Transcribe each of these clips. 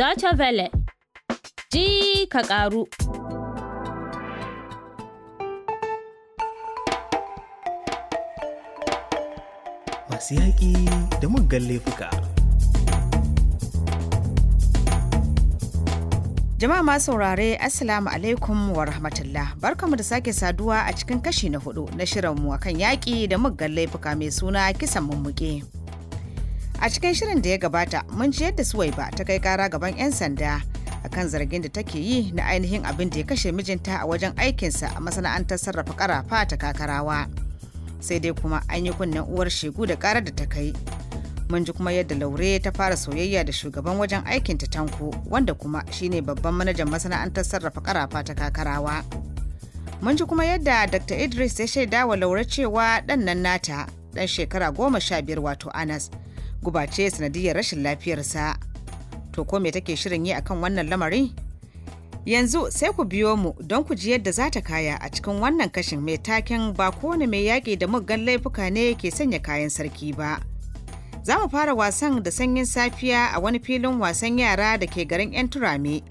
Deutsche Welle ji ka ƙaru. Masu yaƙi da muggan laifuka. Jama'a ma saurare Assalamu alaikum wa rahmatullah. Barkamu da sake saduwa a cikin kashi na hudu na shirinmu akan yaƙi da muggan laifuka mai suna kisan mummuke. A cikin shirin da ya gabata mun ji yadda Suwaiba ta kai kara gaban 'yan sanda akan zargin da take yi na ainihin abin da ya kashe mijinta a wajen aikinsa a masana'antar sarrafa karafa ta kakarawa. Sai dai kuma an yi kunnen uwar shegu da karar da ta kai. Mun ji kuma yadda Laure ta fara soyayya da shugaban wajen aikin ta tanko wanda kuma shine babban manajan masana'antar sarrafa karafa ta kakarawa. Mun ji kuma yadda Dr. Idris ya shaida wa Laure cewa ɗan nan nata ɗan shekara goma sha biyar wato Anas gubace sanadiyar rashin lafiyarsa to ko me take shirin yi akan wannan lamari yanzu sai ku biyo mu don ku ji yadda za ta kaya a cikin wannan kashin mai taken ba kowane mai yaƙi da muggan laifuka ne ke sanya kayan sarki ba za mu fara wasan da sanyin safiya a wani filin wasan yara da ke garin 'yan turame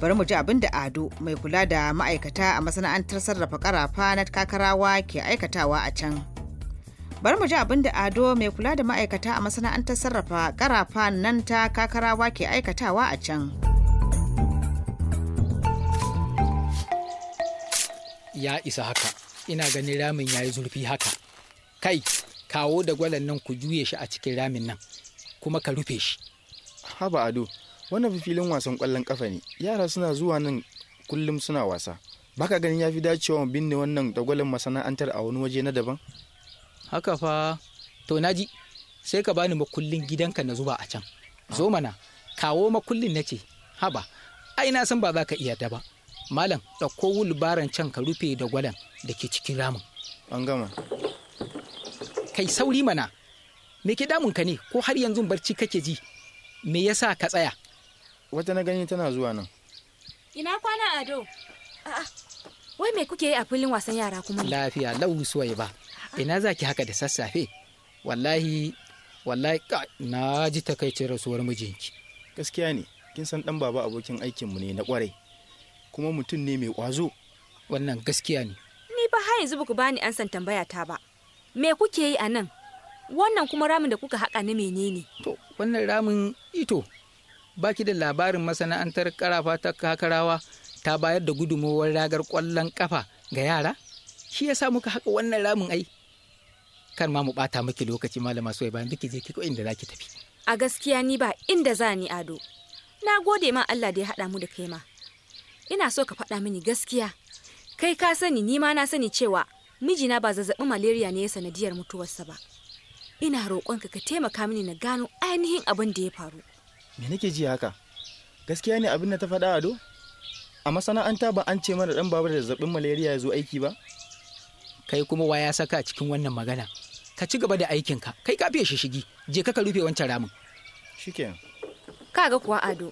bari mu ji abin da ado mai kula da ma'aikata a masana'antar sarrafa karafa na kakarawa ke aikatawa a can bar mu ji abin da ado mai kula da ma'aikata a masana'antar sarrafa karafa nan ta kakarawa ke aikatawa a can ya isa haka ina ganin ramin ya yi zurfi haka kai kawo da gwalan nan ku juye shi a cikin ramin nan kuma ka rufe shi haba ado wannan filin wasan kwallon kafa ne yara suna zuwa nan kullum suna wasa baka ganin ya fi dacewa binne wannan dagwalin masana'antar a wani waje na daban haka fa to naji sai ka bani makullin gidanka na zuba a can zo mana kawo makullin na ce haba ai na san ba za ka iya da ba malam ɗauko wulbaran can ka rufe da gwalan da ke cikin ramin an gama kai sauri mana me ke damun ka ne ko har yanzu barci kake ji me yasa ka tsaya wata na gani tana zuwa nan ina kwana ado Wai me kuke yi a filin wasan yara kuma Lafiya lau suwai ba. Ina za ki haka da sassafe? Wallahi wallahi na ji takaicin rasuwar mijinki. Gaskiya ne, kin san dan baba abokin aikin mu ne na kwarai. Kuma mutum ne mai kwazo. Wannan gaskiya ne. Ni ba har yanzu baku bani ansan tambaya ta ba. Me kuke yi a nan? Wannan kuma ramin da kuka haƙa na menene? To, wannan ramin ito. Baki da labarin masana'antar karafa ta kakarawa ta bayar da gudummawar ragar ƙwallon ƙafa ga yara shi ya sa muka haka wannan ramin ai kan ma mu ɓata miki lokaci malama soyayya bayan duk je kiko inda zaki tafi a gaskiya ni ba inda za ni ado na gode ma Allah da ya haɗa mu da kai ma ina so ka faɗa mini gaskiya kai ka sani ni ma na sani cewa mijina ba zazzaɓin malaria ne ya sanadiyar mutuwarsa ba ina roƙonka ka taimaka mini na gano ainihin abin da ya faru me nake ji haka gaskiya ne abin da ta faɗa ado a masana'anta ba an ce mana dan babu da zazzabin malaria ya zo aiki ba kai kuma wa ya saka cikin wannan magana ka ci gaba da aikinka kai ka fiye shishigi je ka rufe wancan ramin ka ga kuwa ado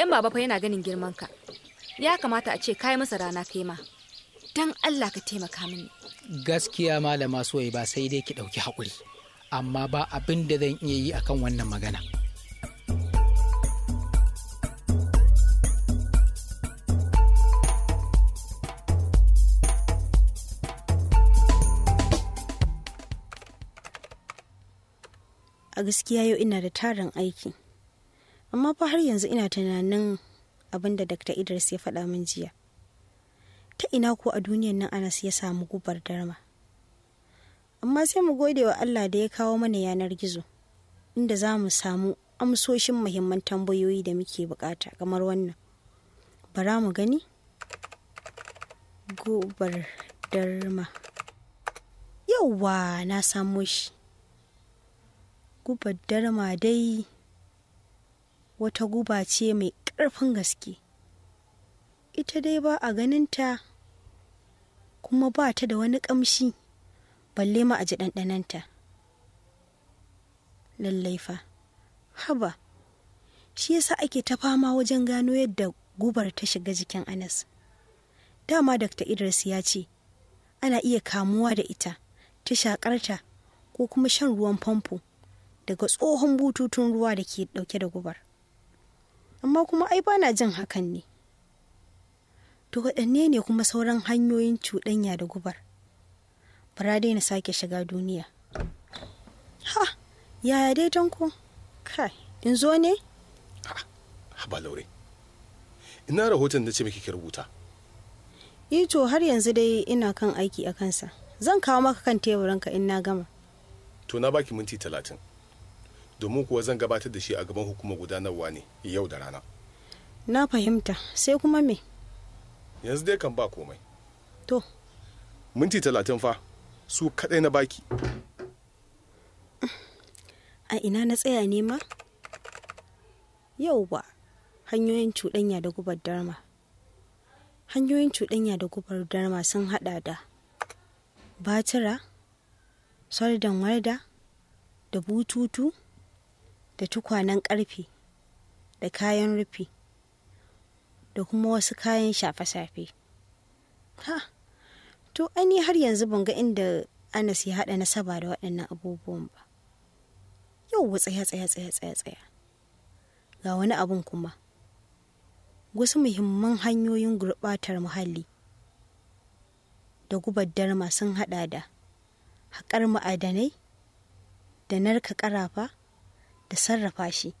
dan baba fa yana ganin girman ka ya kamata a ce kai masa rana kai ma dan Allah ka taimaka mini gaskiya malama soyayya ba sai dai ki dauki hakuri amma ba abin da zan iya yi akan wannan magana a gaskiya yau ina da tarin aiki amma fa har yanzu ina tunanin abin da dr idris ya faɗa min jiya ta ina ko a duniyan nan anas ya samu gubar darma amma sai mu gode wa allah da ya kawo mana yanar gizo inda za mu samu amsoshin muhimman tambayoyi da muke bukata kamar wannan bara mu gani gubar darma yauwa na samo shi gubar darma dai wata guba ce mai ƙarfin gaske ita dai ba a ganinta kuma ba ta da wani ƙamshi balle ma a ji ɗanɗananta lallaifa haba shi yasa ake ta fama wajen gano yadda gubar ta shiga jikin anas dama dr idris ya ce ana iya kamuwa da ita ta shakarta ko kuma shan ruwan famfo daga tsohon bututun ruwa da ke dauke da gubar amma kuma ai ba na jin hakan ne to waɗanne ne kuma sauran hanyoyin cuɗanya da gubar bara dai na sake shiga duniya ha yaya dai tanko kai in zo ne ha ba laure ina rahoton da ce miki ki rubuta Ito eh to har yanzu dai ina kan aiki a kansa zan kawo maka kan teburinka in na gama to na baki minti talatin domin kuwa zan gabatar da shi a gaban hukumar gudanarwa ne yau da rana na fahimta sai kuma me yanzu dai kan ba komai to minti talatin fa su kadai na baki a ina na tsaya ne ma yauwa hanyoyin cuɗanya da gubar darma hanyoyin cuɗanya da gubar darma sun haɗa da batira sardan warda da bututu da tukwanen ƙarfe da kayan rufi da kuma wasu kayan shafe-shafe ha to ani har yanzu ban ga inda anas ya haɗa nasaba da waɗannan abubuwan ba yau tsaya tsaya tsaya tsaya tsaya ga wani abun kuma wasu muhimman hanyoyin gurɓatar muhalli da gubar darma sun haɗa da haƙar ma'adanai da narka ƙarafa da sarrafa shi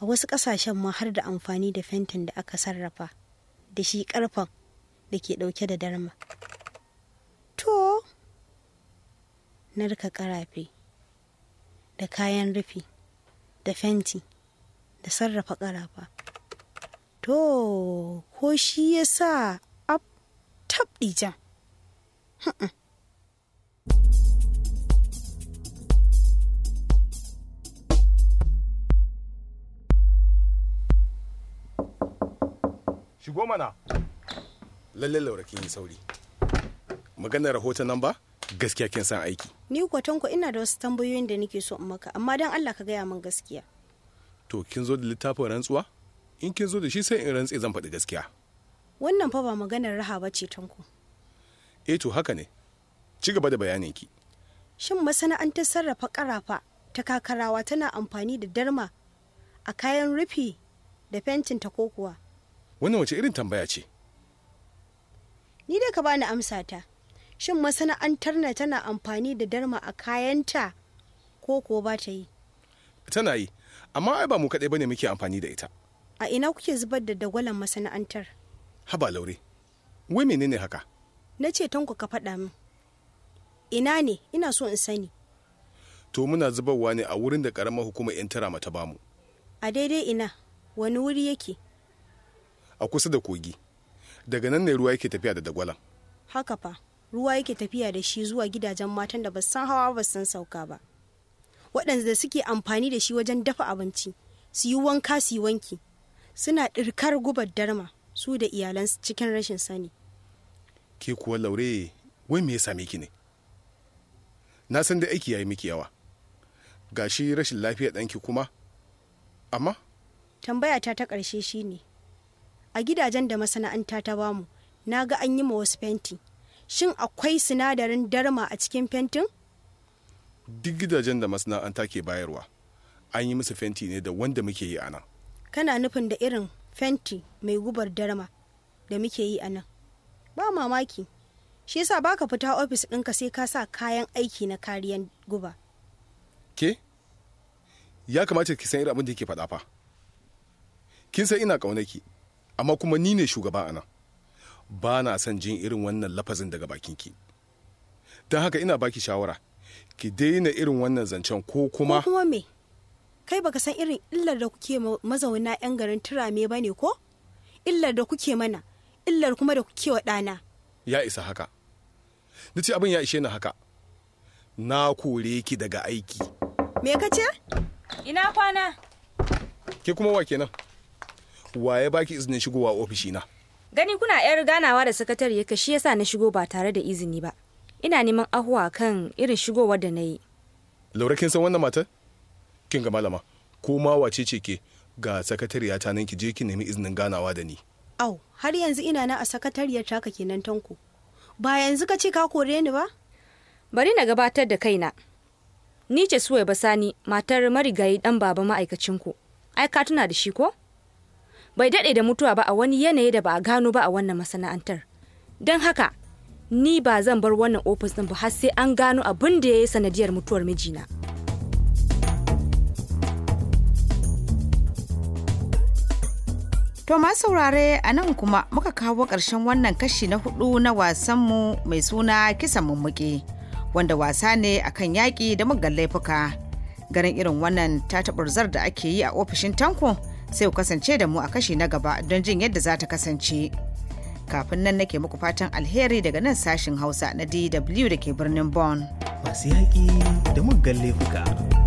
a wasu ƙasashen ma har da amfani da fentin da aka sarrafa da shi ƙarfen da ke ɗauke da darma to narka ƙarafe da kayan rufi da fenti da sarrafa ƙarafa to ko shi ya sa ab tabdijan shigo mana lalle laura kin yi sauri maganar rahoton nan ba gaskiya kin san aiki ni kwatanko ina da wasu tambayoyin da nake so in maka amma dan Allah ka gaya min gaskiya to kin zo da littafin rantsuwa in kin zo da shi sai in rantse zan faɗi gaskiya wannan fa ba maganar raha ba ce tanko eh to haka ne ci gaba da bayanin ki shin masana'antar sarrafa karafa ta kakarawa tana amfani da darma a kayan rufi da fentin ta ko kuwa wannan wace irin tambaya ce ni dai ka bani amsa ta shin masana'antar na tana amfani da darma a kayanta ko ko ba ta yi tana yi amma ai ba mu kaɗai bane muke amfani da ita a ina kuke zubar da dagwalon masana'antar haba laure wai menene haka na ce tanku ka faɗa min ina ne ina so in sani to muna zubarwa ne a wurin da ƙaramar hukumar 'yan tara mata bamu a daidai ina wani wuri yake a kusa da kogi daga nan ne ruwa yake tafiya da dagwalan? haka fa ruwa yake tafiya da shi zuwa gidajen matan da ba san hawa ba san sauka ba waɗanda suke amfani da shi wajen dafa abinci su yi wanka su yi wanki suna ɗirkar gubar darma su da iyalansu cikin rashin sani ke kuwa laure wai me ya same ki ne na san da aiki yayi miki yawa gashi rashin lafiya ɗanki kuma amma tambaya ta ta ƙarshe shine a gidajen da masana'anta ta bamu na ga an yi ma wasu fenti shin akwai sinadarin darma a cikin fentin duk gidajen da masana'anta ke bayarwa an yi musu fenti ne da wanda muke yi a nan kana nufin da irin fenti mai gubar darma da muke yi a nan ba mamaki shi yasa baka fita ofis ɗinka sai ka sa kayan aiki na kariyan guba ke ya kamata ki san irin abin da yake faɗa fa kin san ina ƙaunaki amma kuma ni ne shugaba a nan ba na son jin irin wannan lafazin daga bakinki don haka ina baki shawara ki daina irin wannan zancen ko kuma ko kuma me kai baka san irin illar da kuke mazauna yan garin turame ba ne ko illar da kuke mana illar kuma da kuke wa ɗana ya isa haka na ce abin ya ishe ni haka na kore ki daga aiki me ka ina kwana ke kuma wa kenan wa ya baki izinin shigowa ofishina gani kuna yar ganawa da sakatare ka shi yasa na shigo ba tare da izini ba ina neman ahuwa kan irin shigowar da na yi laura kin san wannan matar kin ga malama ko ma wace ce ke ga sakatariya ta nan ki je ki nemi izinin ganawa da ni au har yanzu ina na a sakatariyar taka kenan tanko ba yanzu ka ce ka kore ni ba bari na gabatar da kaina ni ce suwai basani matar marigayi dan baba ma'aikacinku ai ka tuna da shi ko bai daɗe da mutuwa ba a wani yanayi da ba a gano ba a wannan masana'antar don haka ni ba zan bar wannan ofis ɗin ba har sai an gano abin da ya yi sanadiyar mutuwar mijina. To ma saurare a nan kuma muka kawo ƙarshen wannan kashi na hudu na wasanmu mai suna kisan mummuke wanda wasa ne akan yaƙi da muggan laifuka. Garin irin wannan zar da ake yi a ofishin tanko sai ku kasance da mu a kashi na gaba don jin yadda za ta kasance. Kafin nan nake muku fatan alheri daga nan sashin Hausa na DW da ke birnin Bonn. Masu yaƙi da muggan laifuka.